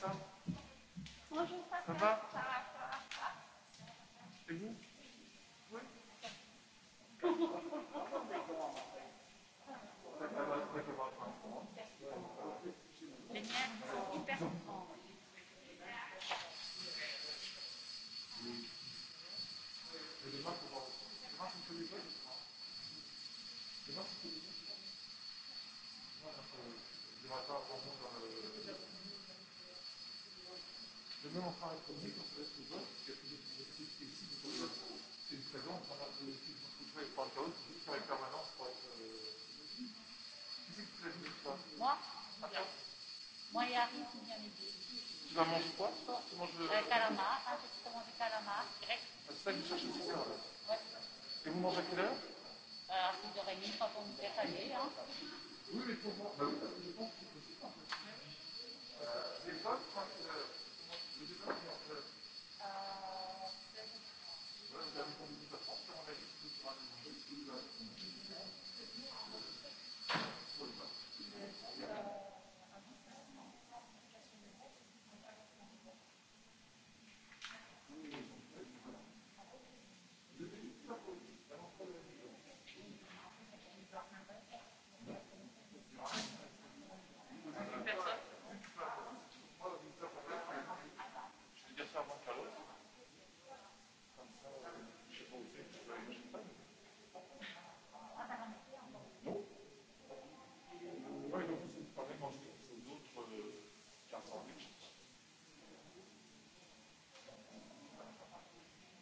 ça Ça va Et vous enfin être mieux parce que les autres, il y a plus d'effectifs ici, donc c'est une saison, on a des équipes qui jouent avec Franck Chaos, qui sont en permanence pour être. Qui c'est que tu l'as mis toi Moi Moi et Harry, on vient les Tu vas manger quoi Tu manges le. Euh, calamar, hein, j'ai commandé calamar, grec. Ah, c'est ça que vous cherchez tout ça Ouais. Et vous mangez à quelle heure euh, À 6h30, quand on nous fait aller. Oui, mais pour moi, je pense que c'est possible en fait. Euh, les potes, quand. Euh,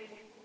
Thank you.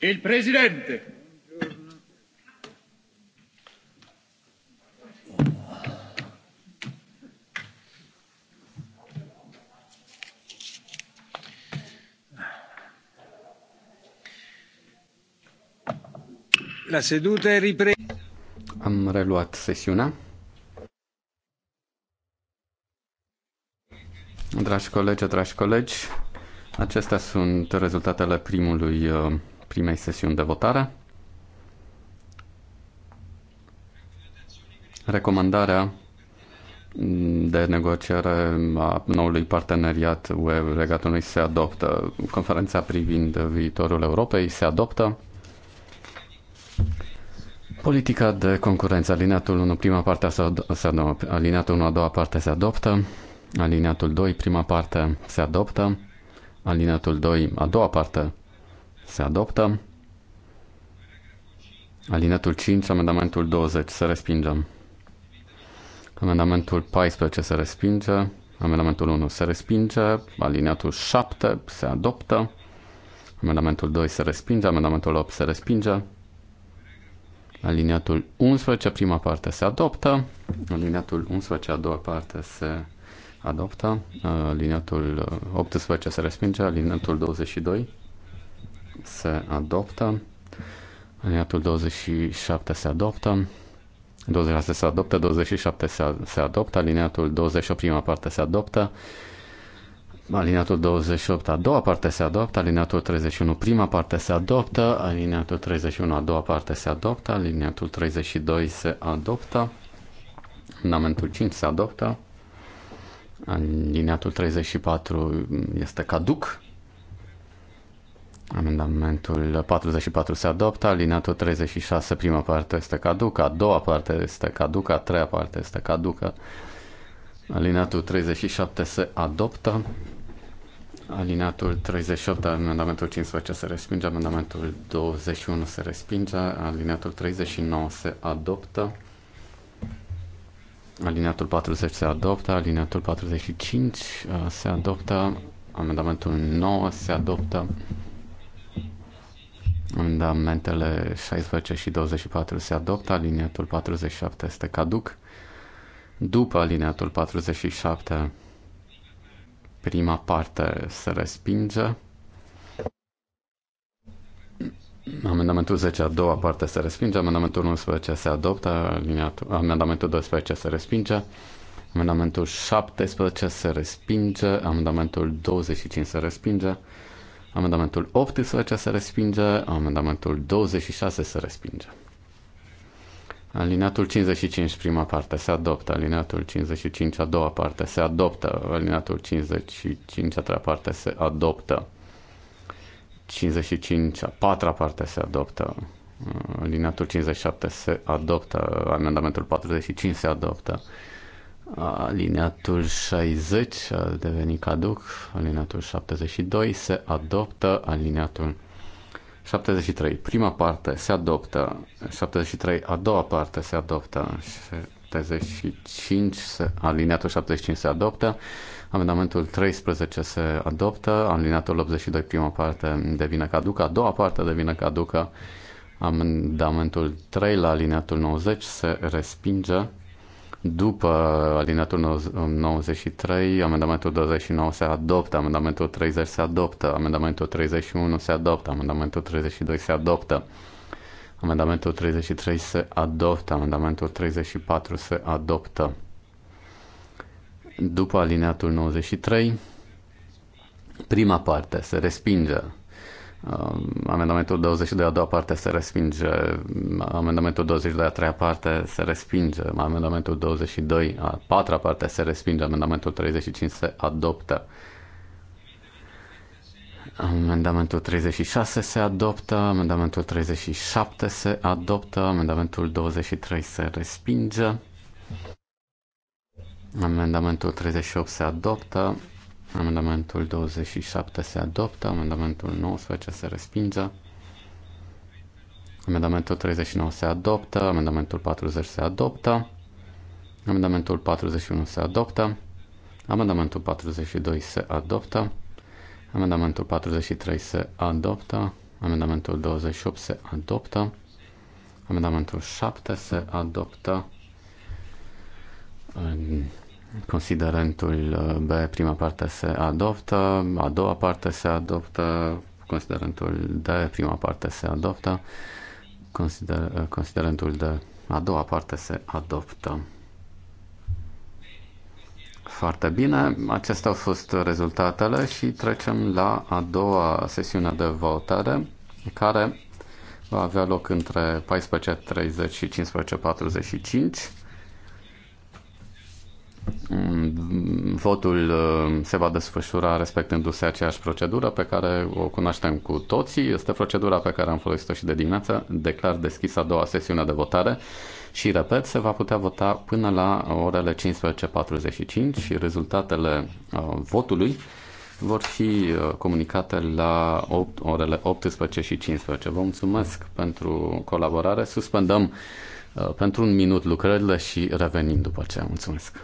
Il Presidente. La seduta è ripresa. Am reluat sesiunea. Dragi colegi, dragi colegi, acestea sunt rezultatele primului uh, primei sesiuni de votare. Recomandarea de negociere a noului parteneriat UE regatului se adoptă. Conferința privind viitorul Europei se adoptă. Politica de concurență, alineatul 1, prima parte se adoptă, alineatul 1, a doua parte se adoptă, alineatul 2, prima parte se adoptă, alineatul 2, a doua parte se adoptă. Alinetul 5, amendamentul 20, se respinge. Amendamentul 14 se respinge. Amendamentul 1 se respinge. Alineatul 7 se adoptă. Amendamentul 2 se respinge. Amendamentul 8 se respinge. Alineatul 11, prima parte se adoptă. Alineatul 11, a doua parte se adoptă. Alineatul 18 se respinge. Alineatul 22 se adoptă. Aliatul 27 se adoptă. 26 se adoptă, 27 se, se adoptă, alineatul 28 prima parte se adoptă, alineatul 28 a doua parte se adoptă, alineatul 31 prima parte se adoptă, alineatul 31 a doua parte se adoptă, alineatul 32 se adoptă, amendamentul 5 se adoptă, alineatul 34 este caduc, Amendamentul 44 se adoptă, alineatul 36, prima parte este caducă, a doua parte este caducă, a treia parte este caducă. Alineatul 37 se adoptă, alineatul 38, amendamentul 15 se respinge, amendamentul 21 se respinge, alineatul 39 se adoptă, alineatul 40 se adoptă, alineatul 45 uh, se adoptă, amendamentul 9 se adoptă, Amendamentele 16 și 24 se adoptă, aliniatul 47 este caduc. După aliniatul 47, prima parte se respinge. Amendamentul 10, a doua parte se respinge, amendamentul 11 se adoptă, amendamentul 12 se respinge, amendamentul 17 se respinge, amendamentul 25 se respinge, Amendamentul 18 se respinge, amendamentul 26 se respinge. Alineatul 55, prima parte, se adoptă. Alineatul 55, a doua parte, se adoptă. Alineatul 55, a treia parte, se adoptă. 55, a patra parte, se adoptă. Alineatul 57 se adoptă. Amendamentul 45 se adoptă. Aliniatul 60 a devenit caduc, Aliniatul 72 se adoptă, Aliniatul 73, prima parte se adoptă, 73, a doua parte se adoptă, 75, se, aliniatul 75 se adoptă, amendamentul 13 se adoptă, Aliniatul 82, prima parte devine caducă, a doua parte devine caducă, amendamentul 3 la aliniatul 90 se respinge, după alineatul 93, amendamentul 29 se adoptă, amendamentul 30 se adoptă, amendamentul 31 se adoptă, amendamentul 32 se adoptă, amendamentul 33 se adoptă, amendamentul 34 se adoptă. După alineatul 93, prima parte se respinge, Um, amendamentul 22 a doua parte se respinge, amendamentul 22 a treia parte se respinge, amendamentul 22 a patra parte se respinge, amendamentul 35 se adoptă. Amendamentul 36 se adoptă, amendamentul 37 se adoptă, amendamentul 23 se respinge, amendamentul 38 se adoptă, Amendamentul 27 se adoptă, amendamentul 19 se respinge, amendamentul 39 se adoptă, amendamentul 40 se adoptă, amendamentul 41 se adoptă, amendamentul 42 se adoptă, amendamentul 43 se adoptă, amendamentul 28 se adoptă, amendamentul 7 se adoptă, Considerentul uh, B, prima parte se adoptă, a doua parte se adoptă, considerentul D, prima parte se adoptă, consider, uh, considerentul D, a doua parte se adoptă. Foarte bine, acestea au fost rezultatele și trecem la a doua sesiune de votare care va avea loc între 14.30 și 15.45. Votul uh, se va desfășura respectându-se aceeași procedură pe care o cunoaștem cu toții. Este procedura pe care am folosit-o și de dimineață. Declar deschis a doua sesiune de votare și, repet, se va putea vota până la orele 15.45 și rezultatele uh, votului vor fi uh, comunicate la 8, orele 18 și 15. Vă mulțumesc pentru colaborare. Suspendăm pentru un minut lucrările și revenim după aceea. Mulțumesc!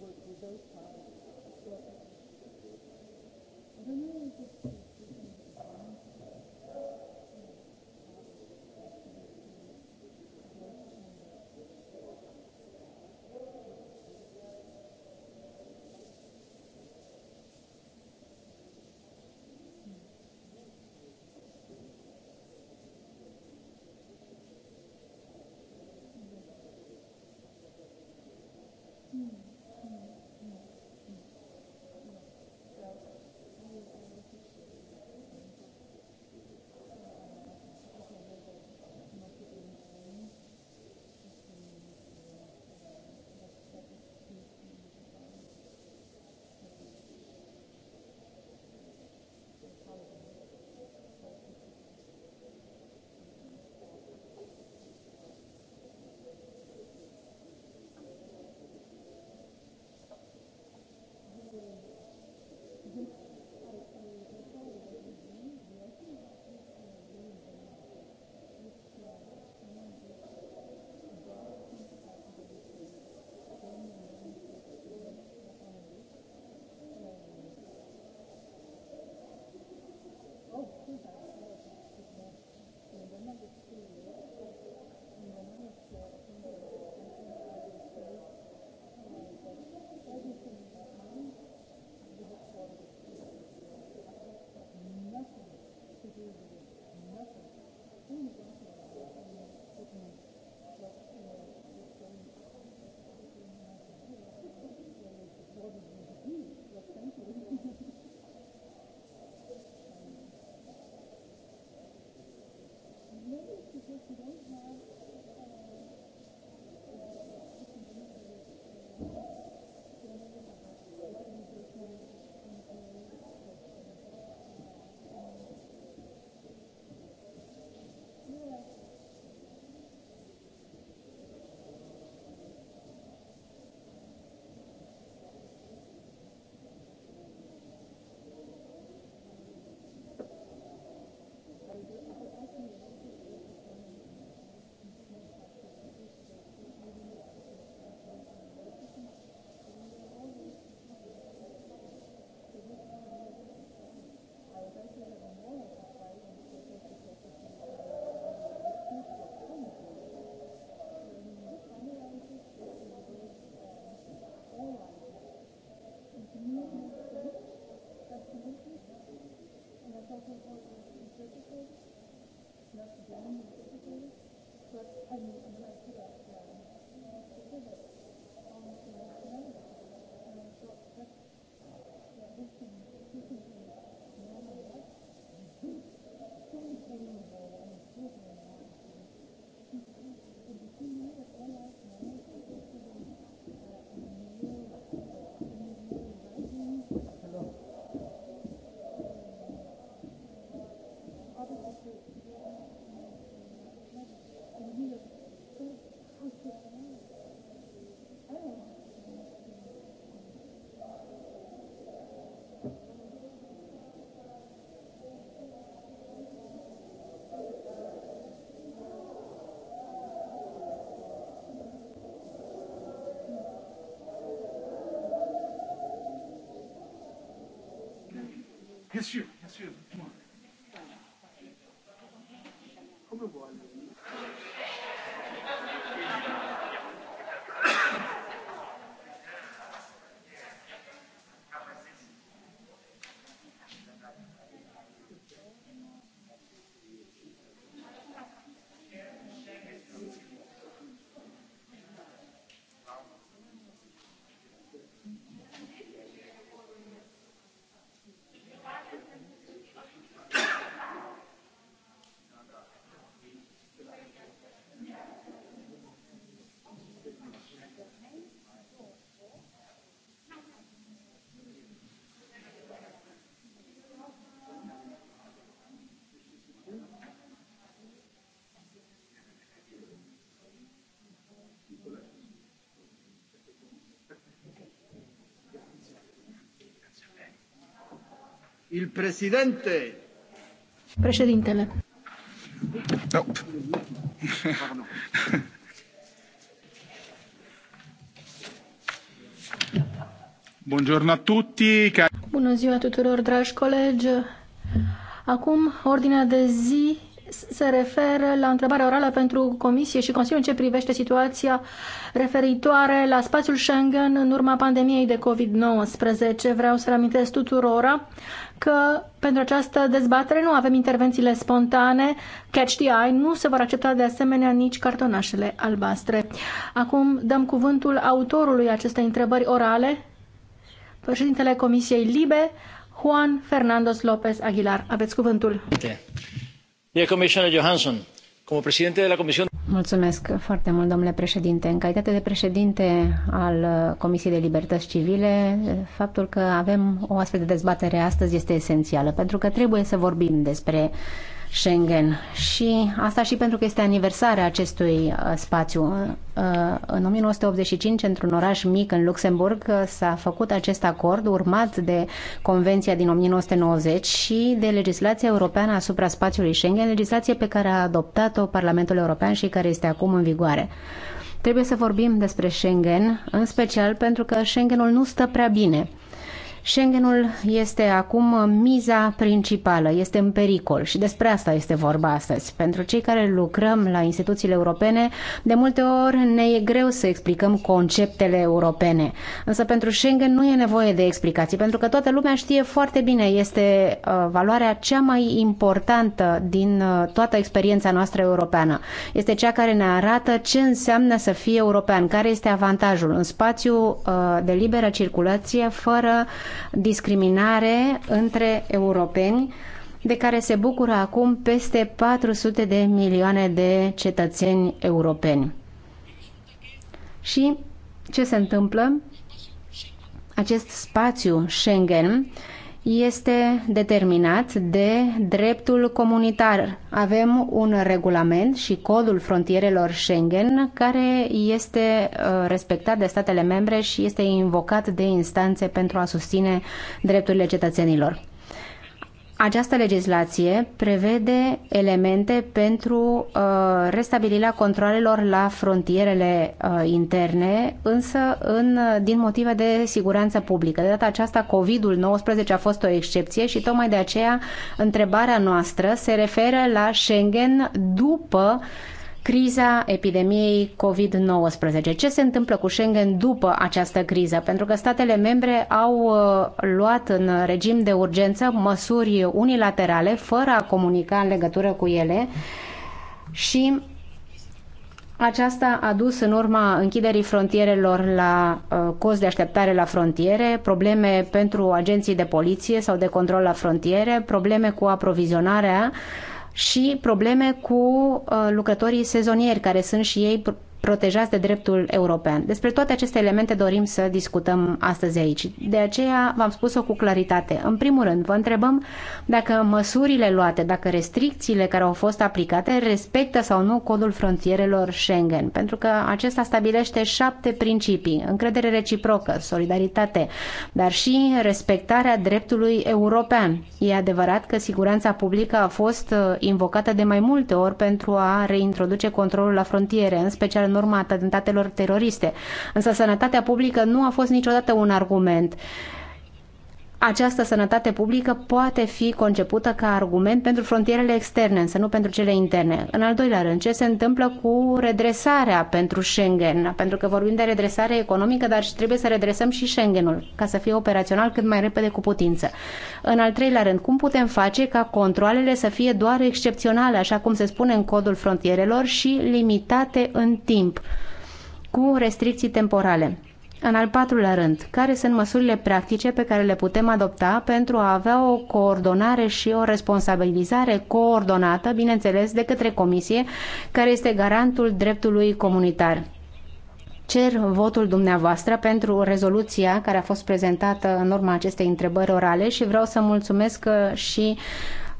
dezvoltată Thank you. Yes, shoe, Yes, shoe. Il presidente. Președintele. No. Buongiorno a tutti. Bună ziua tuturor, dragi colegi. Acum, ordinea de zi se referă la întrebarea orală pentru Comisie și Consiliu în ce privește situația referitoare la spațiul Schengen în urma pandemiei de COVID-19. Vreau să reamintesc tuturora că pentru această dezbatere nu avem intervențiile spontane, catch the eye, nu se vor accepta de asemenea nici cartonașele albastre. Acum dăm cuvântul autorului acestei întrebări orale, președintele Comisiei Libe, Juan Fernandos López Aguilar. Aveți cuvântul. Okay. Mulțumesc foarte mult, domnule președinte. În calitate de președinte al uh, Comisiei de Libertăți Civile, faptul că avem o astfel de dezbatere astăzi este esențială, pentru că trebuie să vorbim despre Schengen. Și asta și pentru că este aniversarea acestui uh, spațiu. Uh, uh, în 1985, într-un oraș mic în Luxemburg, s-a făcut acest acord urmat de Convenția din 1990 și de legislația europeană asupra spațiului Schengen, legislație pe care a adoptat-o Parlamentul European și care este acum în vigoare. Trebuie să vorbim despre Schengen, în special pentru că Schengenul nu stă prea bine. Schengenul este acum miza principală, este în pericol și despre asta este vorba astăzi. Pentru cei care lucrăm la instituțiile europene, de multe ori ne e greu să explicăm conceptele europene. Însă pentru Schengen nu e nevoie de explicații, pentru că toată lumea știe foarte bine, este uh, valoarea cea mai importantă din uh, toată experiența noastră europeană. Este cea care ne arată ce înseamnă să fii european, care este avantajul în spațiu uh, de liberă circulație fără discriminare între europeni de care se bucură acum peste 400 de milioane de cetățeni europeni. Și ce se întâmplă? Acest spațiu Schengen este determinat de dreptul comunitar. Avem un regulament și codul frontierelor Schengen care este uh, respectat de statele membre și este invocat de instanțe pentru a susține drepturile cetățenilor. Această legislație prevede elemente pentru uh, restabilirea controlelor la frontierele uh, interne, însă în, uh, din motive de siguranță publică. De data aceasta, COVID-19 a fost o excepție și tocmai de aceea întrebarea noastră se referă la Schengen după uh, criza epidemiei COVID-19. Ce se întâmplă cu Schengen după această criză? Pentru că statele membre au uh, luat în regim de urgență măsuri unilaterale fără a comunica în legătură cu ele și aceasta a dus în urma închiderii frontierelor la uh, cost de așteptare la frontiere, probleme pentru agenții de poliție sau de control la frontiere, probleme cu aprovizionarea uh, și probleme cu uh, lucrătorii sezonieri, care sunt și ei protejați de dreptul european. Despre toate aceste elemente dorim să discutăm astăzi aici. De aceea v-am spus-o cu claritate. În primul rând, vă întrebăm dacă măsurile luate, dacă restricțiile care au fost aplicate respectă sau nu codul frontierelor Schengen, pentru că acesta stabilește șapte principii, încredere reciprocă, solidaritate, dar și respectarea dreptului european. E adevărat că siguranța publică a fost invocată de mai multe ori pentru a reintroduce controlul la frontiere, în special în urma atentatelor teroriste. Însă sănătatea publică nu a fost niciodată un argument această sănătate publică poate fi concepută ca argument pentru frontierele externe, însă nu pentru cele interne. În al doilea rând, ce se întâmplă cu redresarea pentru Schengen? Pentru că vorbim de redresare economică, dar și trebuie să redresăm și Schengenul, ca să fie operațional cât mai repede cu putință. În al treilea rând, cum putem face ca controlele să fie doar excepționale, așa cum se spune în codul frontierelor, și limitate în timp, cu restricții temporale? În al patrulea rând, care sunt măsurile practice pe care le putem adopta pentru a avea o coordonare și o responsabilizare coordonată, bineînțeles, de către Comisie, care este garantul dreptului comunitar? Cer votul dumneavoastră pentru rezoluția care a fost prezentată în urma acestei întrebări orale și vreau să mulțumesc uh, și uh,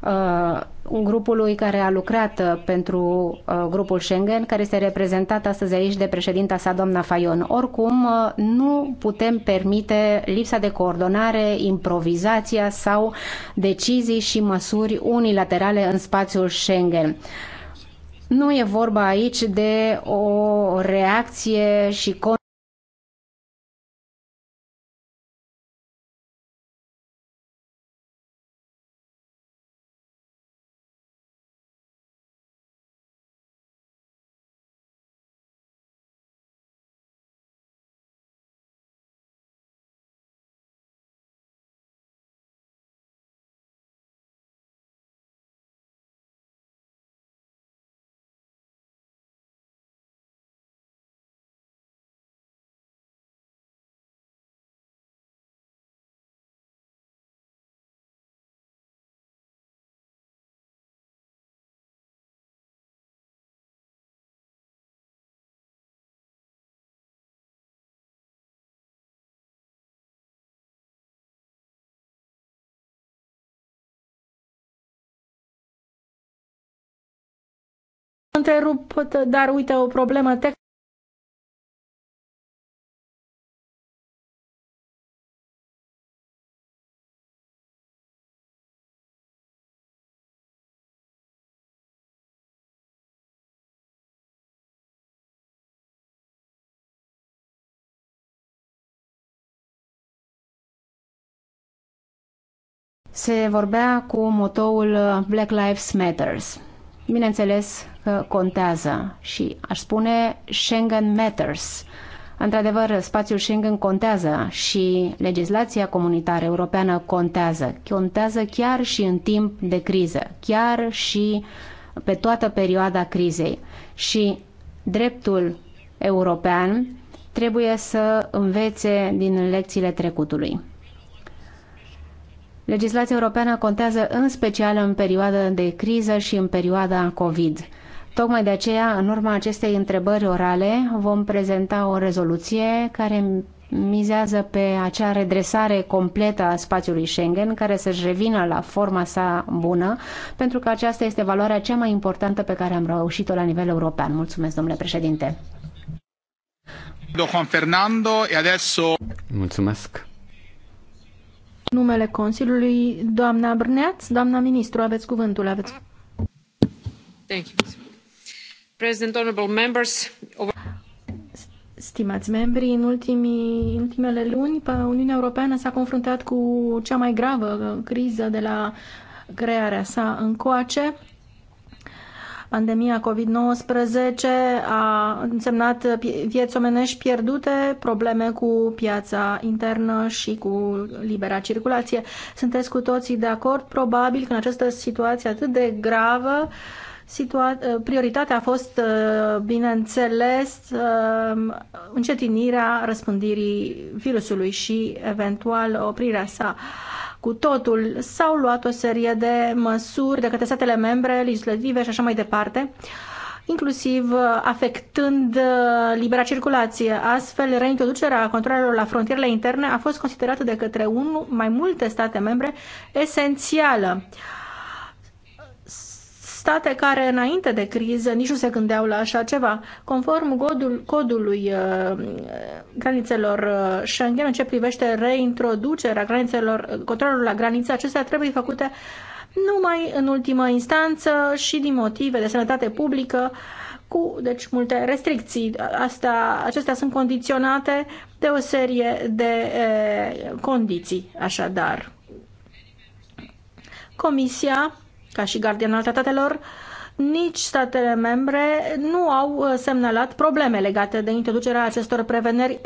Uh, grupului care a lucrat uh, pentru uh, grupul Schengen, care este reprezentat astăzi aici de președinta sa, doamna Fayon. Oricum, nu putem permite lipsa de coordonare, improvizația sau decizii și măsuri unilaterale în spațiul Schengen. Nu e vorba aici de o reacție și întrerup, dar uite o problemă tehnică. se vorbea cu motoul Black Lives Matters. Bineînțeles, contează și aș spune Schengen Matters. Într-adevăr, spațiul Schengen contează și legislația comunitară europeană contează. Contează chiar și în timp de criză, chiar și pe toată perioada crizei. Și dreptul european trebuie să învețe din lecțiile trecutului. Legislația europeană contează în special în perioada de criză și în perioada COVID. Tocmai de aceea, în urma acestei întrebări orale, vom prezenta o rezoluție care mizează pe acea redresare completă a spațiului Schengen, care să-și revină la forma sa bună, pentru că aceasta este valoarea cea mai importantă pe care am reușit-o la nivel european. Mulțumesc, domnule președinte. Juan Fernando e adesso... Mulțumesc. Numele Consiliului, doamna Brneaț, doamna ministru, aveți cuvântul, aveți Thank you. Stimați membri, în ultimii, ultimele luni, Uniunea Europeană s-a confruntat cu cea mai gravă criză de la crearea sa încoace. Pandemia COVID-19 a însemnat vieți omenești pierdute, probleme cu piața internă și cu libera circulație. Sunteți cu toții de acord, probabil, că în această situație atât de gravă, uh, Uh, prioritatea a fost, uh, bineînțeles, uh, încetinirea răspândirii virusului și eventual oprirea sa. Cu totul s-au luat o serie de măsuri de către statele membre, legislative și așa mai departe, inclusiv afectând libera circulație. Astfel, reintroducerea controlelor la frontierele interne a fost considerată de către unul mai multe state membre esențială. Uh, state care înainte de criză nici nu se gândeau la așa ceva. Conform codul, codului uh, granițelor uh, Schengen în ce privește reintroducerea granițelor, uh, controlul la graniță, acestea trebuie făcute numai în ultimă instanță și din motive de sănătate publică cu deci, multe restricții. Asta, acestea sunt condiționate de o serie de e, condiții, așadar. Comisia ca și gardian al tratatelor, nici statele membre nu au uh, semnalat probleme legate de introducerea acestor preveneri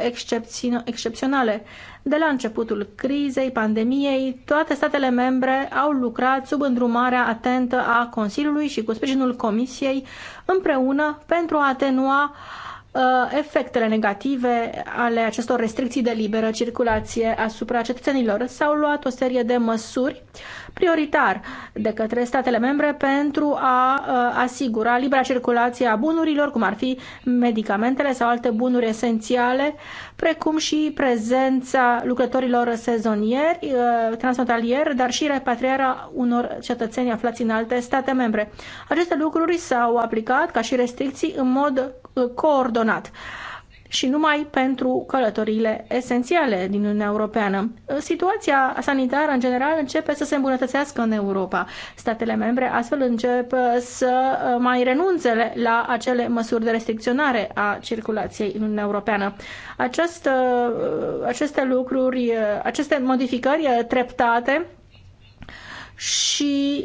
excepționale. De la începutul crizei, pandemiei, toate statele membre au lucrat sub îndrumarea atentă a Consiliului și cu sprijinul Comisiei împreună pentru a atenua uh, Uh, efectele negative ale acestor restricții de liberă circulație asupra cetățenilor. S-au luat o serie de măsuri prioritar de către statele membre pentru a uh, asigura libera circulație a bunurilor, cum ar fi medicamentele sau alte bunuri esențiale, precum și prezența lucrătorilor sezonieri, uh, transfrontalieri, dar și repatrierea unor cetățeni aflați în alte state membre. Aceste lucruri s-au aplicat ca și restricții în mod coordonat și numai pentru călătoriile esențiale din Uniunea Europeană. Situația sanitară, în general, începe să se îmbunătățească în Europa. Statele membre astfel încep să mai renunțe la acele măsuri de restricționare a circulației în Uniunea Europeană. Acest, aceste lucruri, aceste modificări treptate și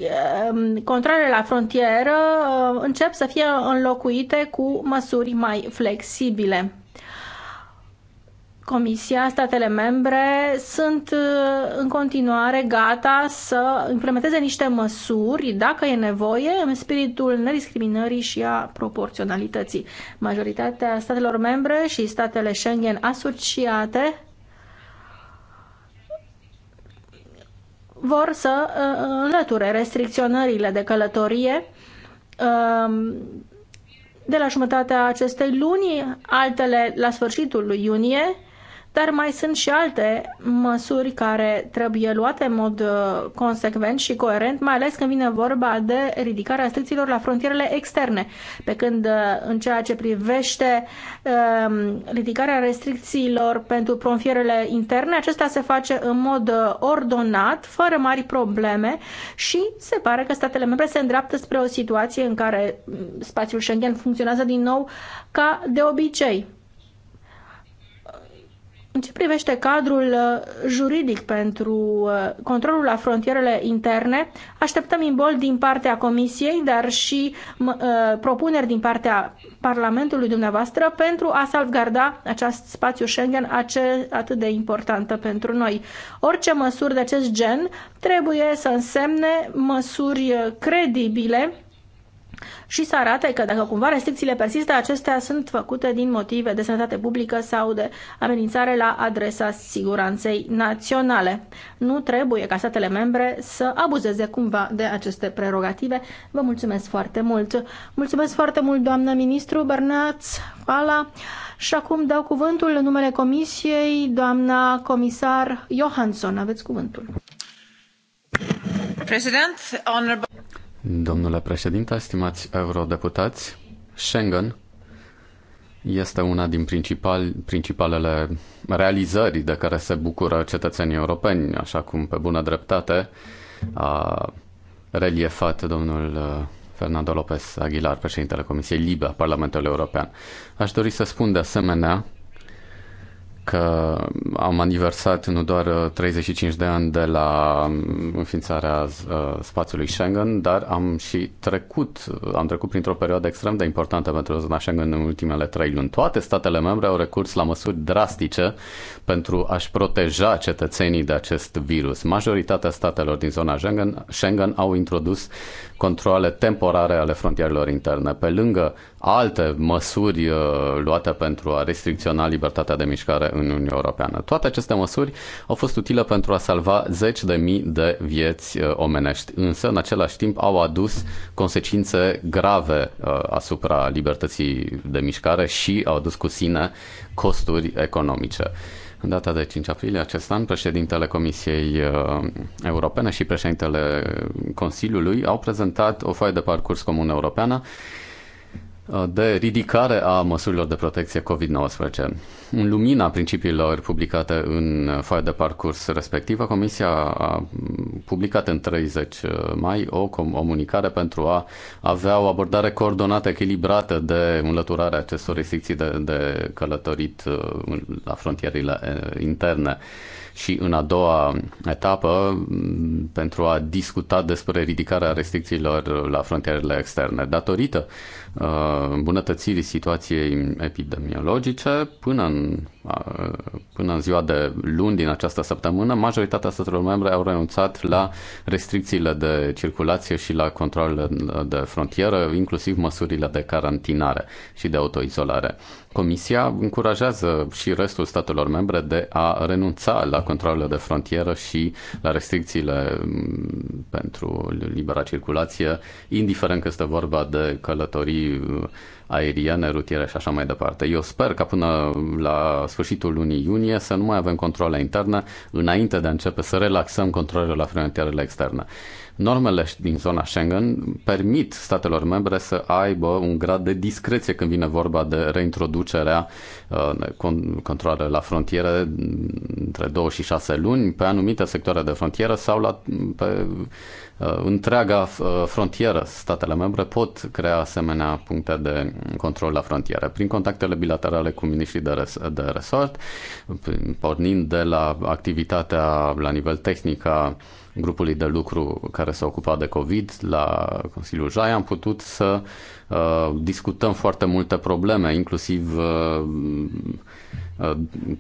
um, controlele la frontieră uh, încep să fie înlocuite cu măsuri mai flexibile. Comisia, statele membre sunt uh, în continuare gata să implementeze niște măsuri, dacă e nevoie, în spiritul nediscriminării și a proporționalității. Majoritatea statelor membre și statele Schengen asociate vor să uh, înlăture restricționările de călătorie um, de la jumătatea acestei luni, altele la sfârșitul lui iunie dar mai sunt și alte măsuri care trebuie luate în mod uh, consecvent și coerent, mai ales când vine vorba de ridicarea restricțiilor la frontierele externe, pe când uh, în ceea ce privește um, ridicarea restricțiilor pentru frontierele interne, acesta se face în mod uh, ordonat, fără mari probleme și se pare că statele membre se îndreaptă spre o situație în care mm, spațiul Schengen funcționează din nou ca de obicei. În ce privește cadrul uh, juridic pentru uh, controlul la frontierele interne, așteptăm imbol din partea Comisiei, dar și uh, propuneri din partea Parlamentului dumneavoastră pentru a salvgarda acest spațiu Schengen atât de importantă pentru noi. Orice măsuri de acest gen trebuie să însemne măsuri credibile și să arate că dacă cumva restricțiile persistă, acestea sunt făcute din motive de sănătate publică sau de amenințare la adresa siguranței naționale. Nu trebuie ca statele membre să abuzeze cumva de aceste prerogative. Vă mulțumesc foarte mult! Mulțumesc foarte mult, doamnă ministru Bernat Pala și acum dau cuvântul în numele Comisiei, doamna comisar Johansson. Aveți cuvântul. President, honorable... Domnule președinte, stimați eurodeputați, Schengen este una din principal, principalele realizări de care se bucură cetățenii europeni, așa cum pe bună dreptate a reliefat domnul uh, Fernando López Aguilar, președintele Comisiei Libe a Parlamentului European. Aș dori să spun de asemenea că am aniversat nu doar 35 uh, de ani de la um, înființarea uh, spațiului Schengen, dar am și trecut, uh, am trecut printr-o perioadă extrem de importantă pentru zona Schengen în ultimele trei luni. Toate statele membre au recurs la măsuri drastice pentru a-și proteja cetățenii de acest virus. Majoritatea statelor din zona Schengen, Schengen au introdus controle temporare ale frontierelor interne, pe lângă alte măsuri luate pentru a restricționa libertatea de mișcare în Uniunea Europeană. Toate aceste măsuri au fost utile pentru a salva zeci de mii de vieți uh, omenești, însă în același timp au adus consecințe grave uh, asupra libertății de mișcare și au adus cu sine costuri economice. În data de 5 aprilie acest an, președintele Comisiei uh, Europene și președintele Consiliului au prezentat o foaie de parcurs comună europeană Uh, de ridicare a măsurilor de protecție COVID-19. În lumina principiilor publicate în uh, foaia de parcurs respectivă, Comisia a mm, publicat în 30 uh, mai o comunicare pentru a avea o abordare coordonată, echilibrată de înlăturarea acestor restricții de, de călătorit la frontierele interne și în a doua etapă pentru a discuta despre ridicarea restricțiilor la frontierele externe. Datorită uh, îmbunătățirii situației epidemiologice, până în până în ziua de luni din această săptămână, majoritatea statelor membre au renunțat la restricțiile de circulație și la controlele de frontieră, inclusiv măsurile de carantinare și de autoizolare. Comisia încurajează și restul statelor membre de a renunța la controlele de frontieră și la restricțiile mm, pentru libera circulație, indiferent că este vorba de călătorii aeriene, rutiere și așa mai departe. Eu sper că până la sfârșitul lunii iunie să nu mai avem controle interne înainte de a începe să relaxăm controlele la frontierele externe. Normele din zona Schengen permit statelor membre să aibă un grad de discreție când vine vorba de reintroducerea uh, controlare la frontiere mm, între 2 și 6 luni pe anumite sectoare de frontieră sau la, mm, pe uh, întreaga uh, frontieră. Statele membre pot crea asemenea puncte de control la frontieră prin contactele bilaterale cu miniștrii de, res- de resort, pornind de la activitatea la nivel tehnic a grupului de lucru care s-a ocupat de COVID la Consiliul Jai, am putut să uh, discutăm foarte multe probleme, inclusiv uh, uh,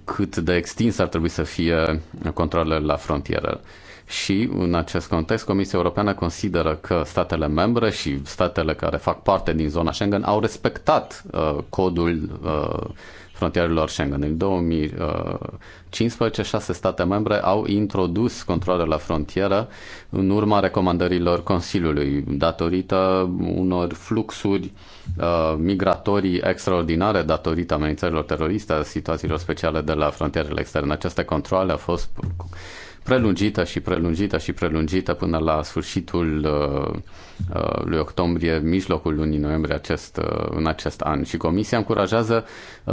cât de extins ar trebui să fie controlele la frontieră. Și în acest context, Comisia Europeană consideră că statele membre și statele care fac parte din zona Schengen au respectat uh, codul uh, frontierelor Schengen. În 2015, șase state membre au introdus controle la frontieră în urma recomandărilor Consiliului, datorită unor fluxuri uh, migratorii extraordinare, datorită amenințărilor teroriste, a situațiilor speciale de la frontierele externe. Aceste controle au fost prelungită și prelungită și prelungită până la sfârșitul uh, uh, lui octombrie, mijlocul lunii noiembrie acest, uh, în acest an. Și Comisia încurajează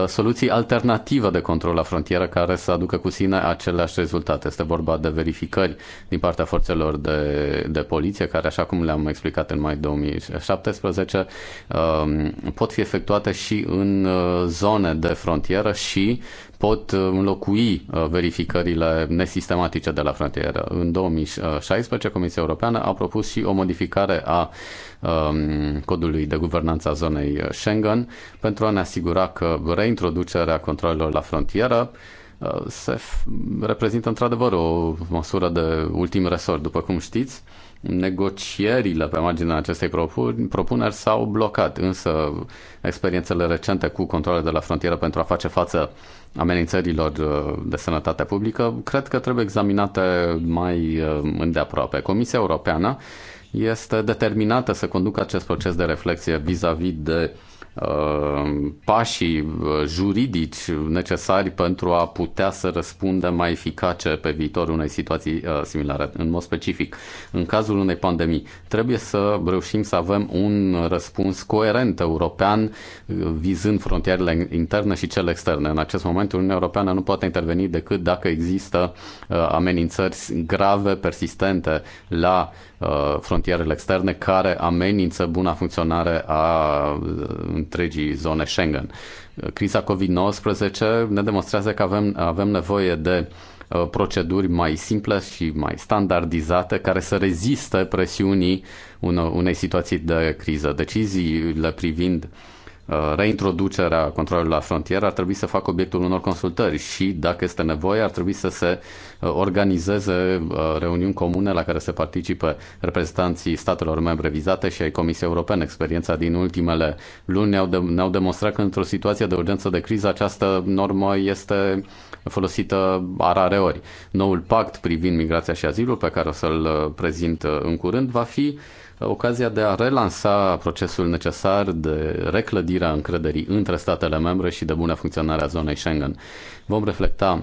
soluții alternative de control la frontieră care să aducă cu sine aceleași rezultate. Este vorba de verificări din partea forțelor de, de poliție, care, așa cum le-am explicat în mai 2017, um, pot fi efectuate și în zone de frontieră și pot înlocui uh, verificările nesistematice de la frontieră. În 2016, Comisia Europeană a propus și o modificare a um, codului de guvernanță a zonei uh, Schengen pentru a ne asigura că reintroducerea controlelor la frontieră uh, se reprezintă într-adevăr o măsură de ultim resort, după cum știți negocierile pe marginea acestei propuneri s-au blocat, însă experiențele recente cu controle de la frontieră pentru a face față amenințărilor uh, de sănătate publică cred că trebuie examinate mai uh, îndeaproape. Comisia Europeană este determinată să conducă acest proces de reflexie vis-a-vis -vis de uh, Uh, pașii uh, juridici necesari pentru a putea să răspundă mai eficace pe viitor unei situații uh, similare. În mod specific, în cazul unei pandemii, trebuie să reușim să avem un răspuns coerent european vizând frontierele interne și cele externe. În acest moment, Uniunea Europeană nu poate interveni decât dacă există amenințări grave, persistente la Uh, frontierele externe care amenință buna funcționare a uh, întregii zone Schengen. Uh, criza COVID-19 ne demonstrează că avem, avem nevoie de proceduri mai simple și mai standardizate care să reziste presiunii unei situații de criză. Deciziile privind uh, Uh, reintroducerea controlului la frontieră ar trebui să facă obiectul unor consultări și, dacă este nevoie, ar trebui să se uh, organizeze uh, reuniuni comune la care se participă reprezentanții statelor membre vizate și ai Comisiei Europene. Experiența din ultimele luni ne-au, de- ne demonstrat că într-o situație de urgență de criză această normă este folosită arare ori. Noul pact privind migrația și azilul, pe care o să-l prezint în curând, va fi ocazia de a relansa procesul necesar de reclădire a încrederii între statele membre și de bună funcționare a zonei Schengen. Vom reflecta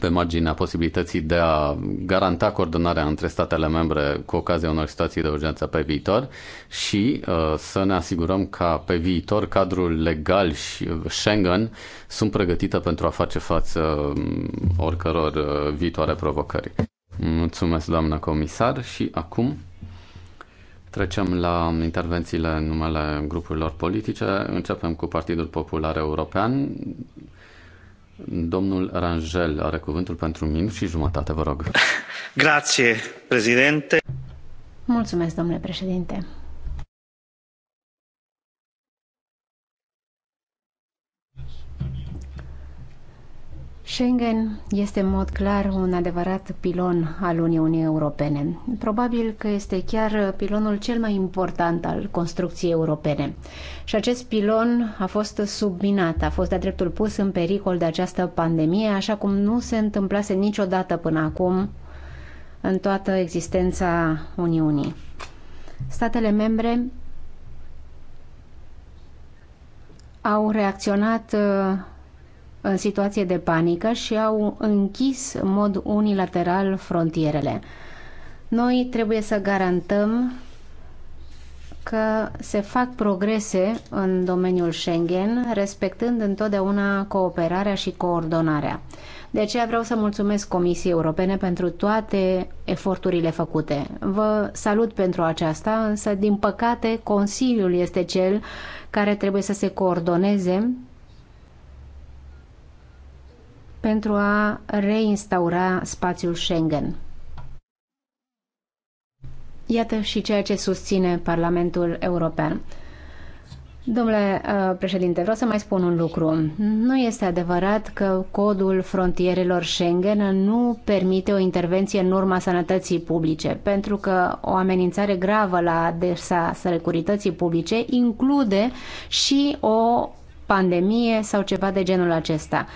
pe marginea posibilității de a garanta coordonarea între statele membre cu ocazia unor situații de urgență pe viitor și uh, să ne asigurăm ca pe viitor cadrul legal și uh, Schengen sunt pregătite pentru a face față um, oricăror uh, viitoare provocări. Mulțumesc, doamna comisar, și acum Trecem la intervențiile în numele grupurilor politice. Începem cu Partidul Popular European. Domnul Rangel are cuvântul pentru minut și jumătate, vă rog. Grație, președinte. Mulțumesc, domnule președinte. Schengen este în mod clar un adevărat pilon al Uniunii Europene. Probabil că este chiar pilonul cel mai important al construcției europene. Și acest pilon a fost subminat, a fost de-a dreptul pus în pericol de această pandemie, așa cum nu se întâmplase niciodată până acum în toată existența Uniunii. Statele membre au reacționat uh, în situație de panică și au închis în mod unilateral frontierele. Noi trebuie să garantăm că se fac progrese în domeniul Schengen, respectând întotdeauna cooperarea și coordonarea. De aceea vreau să mulțumesc Comisiei Europene pentru toate eforturile făcute. Vă salut pentru aceasta, însă, din păcate, Consiliul este cel care trebuie să se coordoneze pentru a reinstaura spațiul Schengen. Iată și ceea ce susține Parlamentul European. Domnule uh, președinte, vreau să mai spun un lucru. Nu este adevărat că codul frontierelor Schengen nu permite o intervenție în urma sănătății publice, pentru că o amenințare gravă la adresa securității publice include și o pandemie sau ceva de genul acesta.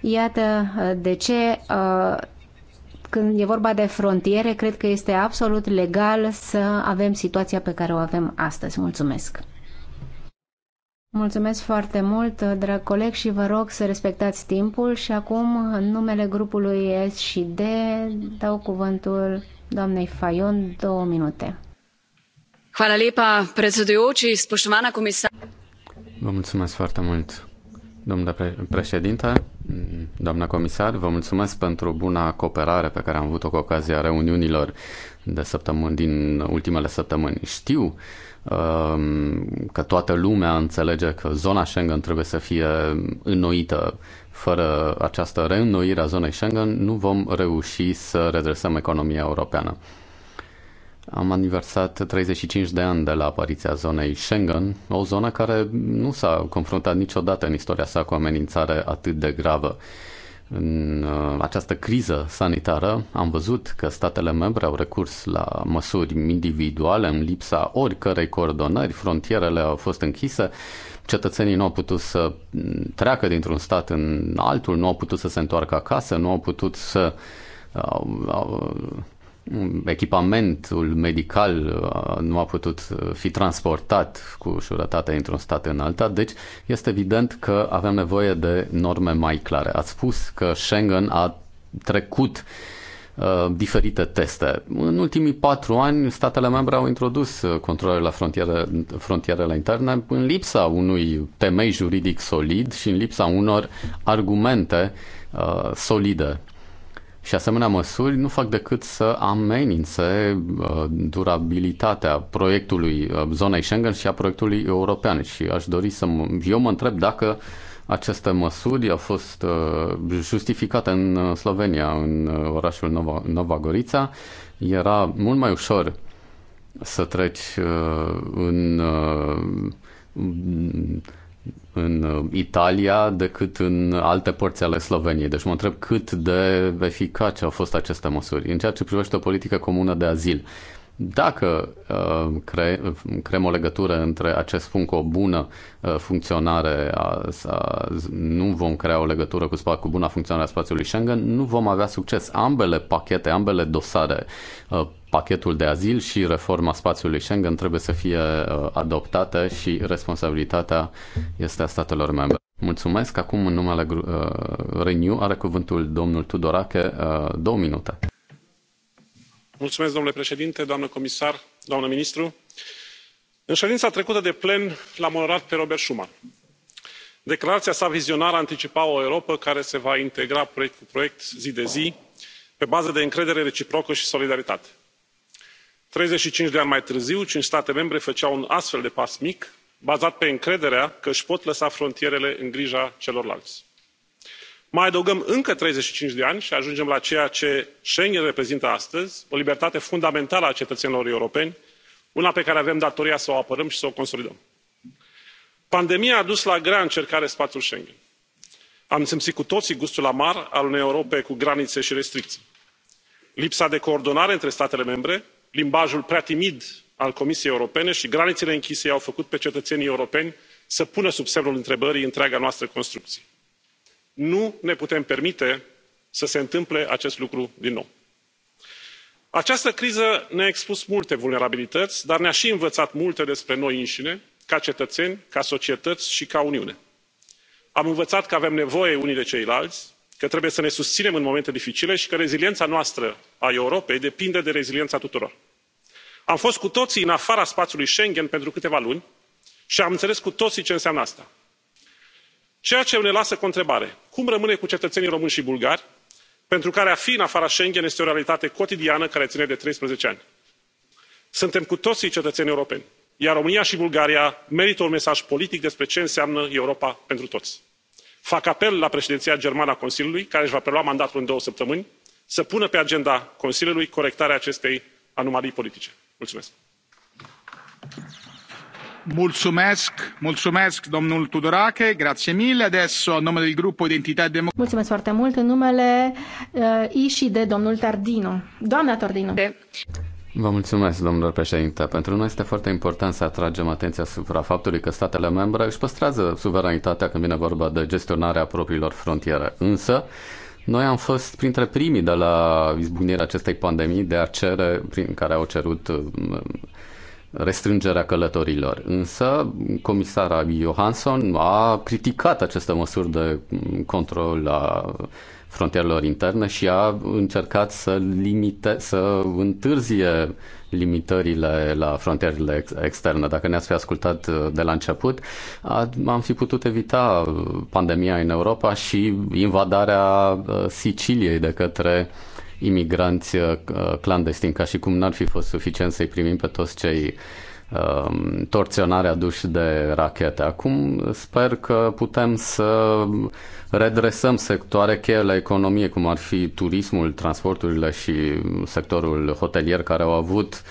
Iată uh, de ce uh, când e vorba de frontiere, cred că este absolut legal să avem situația pe care o avem astăzi. Mulțumesc! Mulțumesc foarte mult, uh, drag coleg, și vă rog să respectați timpul și acum, în numele grupului S și D, dau cuvântul doamnei Fayon, două minute. Hvala lepa, predsedujoči, spoštovana comisar. Vă mulțumesc foarte mult, Domnule pre președinte, doamna comisar, vă mulțumesc pentru buna cooperare pe care am avut-o cu ocazia reuniunilor de săptămâni, din ultimele săptămâni. Știu um, că toată lumea înțelege că zona Schengen trebuie să fie înnoită. Fără această reînnoire a zonei Schengen nu vom reuși să redresăm economia europeană. Am aniversat 35 de ani de la apariția zonei Schengen, o zonă care nu s-a confruntat niciodată în istoria sa cu o amenințare atât de gravă. În uh, această criză sanitară am văzut că statele membre au recurs la măsuri individuale în lipsa oricărei coordonări, frontierele au fost închise, cetățenii nu au putut să treacă dintr-un stat în altul, nu au putut să se întoarcă acasă, nu au putut să uh, au, au, echipamentul medical uh, nu a putut uh, fi transportat cu ușurătate într-un stat în alta, deci este evident că avem nevoie de norme mai clare. Ați spus că Schengen a trecut uh, diferite teste. În ultimii patru ani, statele membre au introdus controlele la frontiere, frontierele interne în lipsa unui temei juridic solid și în lipsa unor argumente uh, solide și asemenea măsuri nu fac decât să amenințe uh, durabilitatea proiectului uh, zonei Schengen și a proiectului european. Și aș dori să... M- eu mă întreb dacă aceste măsuri au fost uh, justificate în Slovenia, în orașul Nova, Nova Gorița. Era mult mai ușor să treci în în uh, Italia decât în alte părți ale Sloveniei. Deci mă întreb cât de eficace au fost aceste măsuri. În ceea ce privește o politică comună de azil, dacă uh, cre, creăm o legătură între acest fund cu o bună uh, funcționare, a, a, nu vom crea o legătură cu, spa, cu buna funcționare a spațiului Schengen, nu vom avea succes. Ambele pachete, ambele dosare, uh, pachetul de azil și reforma spațiului Schengen trebuie să fie adoptate și responsabilitatea este a statelor membre. Mulțumesc. Acum, în numele Renew, are cuvântul domnul Tudorache, două minute domnule președinte doamnă comisar doamnă ministru în ședința trecută de plen l am onorat pe robert schuman. declarația sa vizionară anticipa o europă care se va integra proiect cu proiect zi de zi pe bază de încredere reciprocă și solidaritate. treizeci și cinci de ani mai târziu cinci state membre făceau un astfel de pas mic bazat pe încrederea că își pot lăsa frontierele în grija celorlalți mai adăugăm încă treizeci și cinci de ani și ajungem la ceea ce schengen reprezintă astăzi o libertate fundamentală a cetățenilor europeni una pe care avem datoria să o apărăm și să o consolidăm. pandemia a dus la grea încercare spațiul schengen. am simțit cu toții gustul amar al unei europe cu granițe și restricții. lipsa de coordonare între statele membre limbajul prea timid al comisiei europene și granițele închise i au făcut pe cetățenii europeni să pună sub semnul întrebării întreaga noastră construcție nu ne putem permite să se întâmple acest lucru din nou. această criză ne a expus multe vulnerabilități dar ne a și învățat multe despre noi înșine ca cetățeni ca societăți și ca uniune. am învățat că avem nevoie unii de ceilalți că trebuie să ne susținem în momente dificile și că reziliența noastră a europei depinde de reziliența tuturor. am fost cu toții în afara spațiului schengen pentru câteva luni și am înțeles cu toții ce înseamnă asta ceea ce ne lasă cu o întrebare cum rămâne cu cetățenii români și bulgari pentru care a fi în afara schengen este o realitate cotidiană care ține de treisprezece ani? suntem cu toții cetățeni europeni iar românia și bulgaria merită un mesaj politic despre ce înseamnă europa pentru toți. fac apel la președinția germană a consiliului care își va prelua mandatul în două săptămâni să pună pe agenda consiliului corectarea acestei anomalii politice. mulțumesc. Mulțumesc, mulțumesc domnul Tudorache, grazie mille. Adesso, în numele grupului gruppo Identità Democratică. Mulțumesc foarte mult în numele uh, I și de domnul Tardino. Doamna Tardino. De. Vă mulțumesc, domnul președinte. Pentru noi este foarte important să atragem atenția asupra faptului că statele membre își păstrează suveranitatea când vine vorba de gestionarea propriilor frontiere. Însă, noi am fost printre primii de la izbucnirea acestei pandemii de a cere, prin care au cerut mm, restrângerea călătorilor. Însă, comisara Johansson a criticat aceste măsuri de control a frontierelor interne și a încercat să, limite, să întârzie limitările la frontierele ex- externe. Dacă ne-ați fi ascultat uh, de la început, am fi putut evita pandemia în Europa și invadarea uh, Siciliei de către uh, imigranți uh, clandestini, ca și cum n-ar fi fost suficient să-i primim pe toți cei um, torționare aduși de rachete. Acum sper că putem să redresăm sectoare cheie la economie, cum ar fi turismul, transporturile și sectorul hotelier, care au avut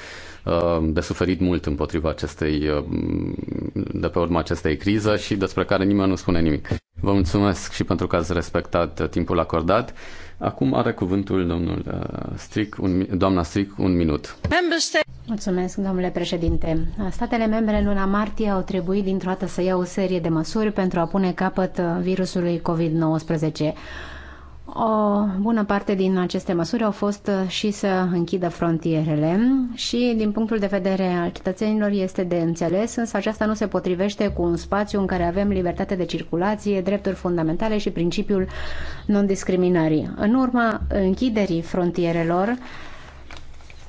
uh, de suferit mult împotriva acestei, um, de pe urma acestei crize și despre care nimeni nu spune nimic. Vă mulțumesc și pentru că ați respectat timpul acordat. Acum are cuvântul domnul uh, Stric, un, doamna Stric, un minut. Mulțumesc, domnule președinte. Statele membre în luna martie au trebuit dintr-o dată să iau o serie de măsuri pentru a pune capăt uh, virusului COVID-19. O bună parte din aceste măsuri au fost uh, și să închidă frontierele și din punctul de vedere al cetățenilor este de înțeles, însă aceasta nu se potrivește cu un spațiu în care avem libertate de circulație, drepturi fundamentale și principiul non-discriminării. În urma închiderii frontierelor,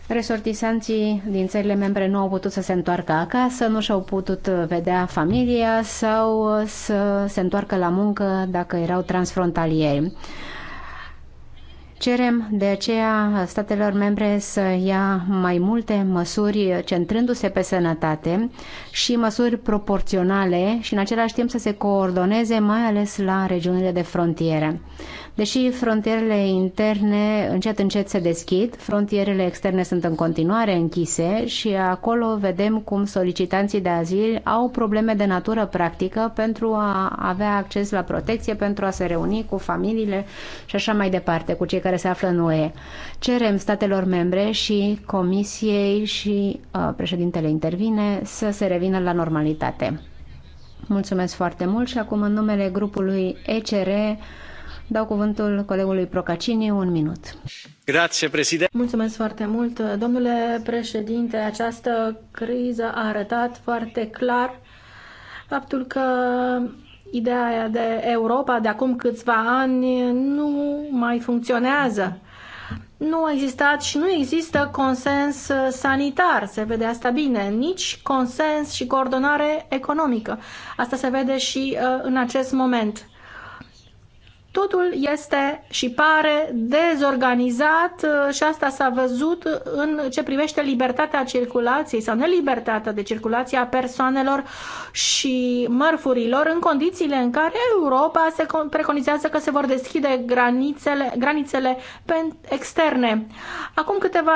Resortisanții din țările membre nu au putut să se întoarcă acasă, nu și-au putut uh, vedea familia sau uh, să se întoarcă la muncă dacă erau transfrontalieri. Cerem de aceea statelor membre să ia mai multe măsuri centrându-se pe sănătate și măsuri proporționale și în același timp să se coordoneze mai ales la regiunile de frontieră. Deși frontierele interne încet încet se deschid, frontierele externe sunt în continuare închise și acolo vedem cum solicitanții de azil au probleme de natură practică pentru a avea acces la protecție, pentru a se reuni cu familiile și așa mai departe, cu cei care se află în UE. Cerem statelor membre și Comisiei și uh, președintele intervine să se revină la normalitate. Mulțumesc foarte mult și acum în numele grupului ECR Dau cuvântul colegului Procacini, un minut. Grazie, președinte. Mulțumesc foarte mult. Domnule președinte, această criză a arătat foarte clar faptul că ideea aia de Europa de acum câțiva ani nu mai funcționează. Nu a existat și nu există consens sanitar, se vede asta bine, nici consens și coordonare economică. Asta se vede și uh, în acest moment. Totul este și pare dezorganizat uh, și asta s-a văzut în ce privește libertatea circulației sau nelibertatea de circulație a persoanelor și mărfurilor în condițiile în care Europa se preconizează că se vor deschide granițele, granițele externe. Acum câteva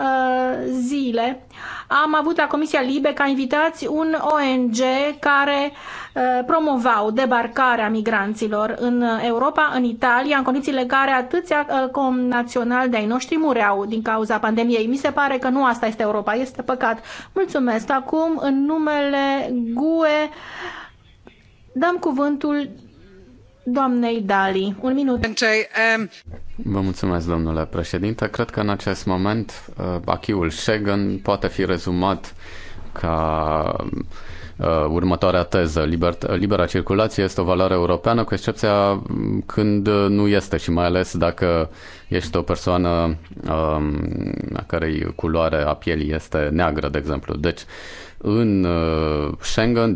uh, zile am avut la Comisia Libe ca invitați un ONG care uh, Uh, promovau debarcarea migranților în Europa, în Italia, în condițiile care atâția uh, naționali de-ai noștri mureau din cauza pandemiei. Mi se pare că nu asta este Europa, este păcat. Mulțumesc. Acum, în numele GUE, dăm cuvântul doamnei Dali. Un minut. Vă mulțumesc, domnule președinte. Cred că în acest moment Bachiul uh, Schengen poate fi rezumat ca Uh, următoarea teză. Liber, libera circulație este o valoare europeană, cu excepția mm, când uh, nu este și mai ales dacă ești o persoană uh, a cărei culoare a pielii este neagră, de exemplu. Deci, în uh, Schengen,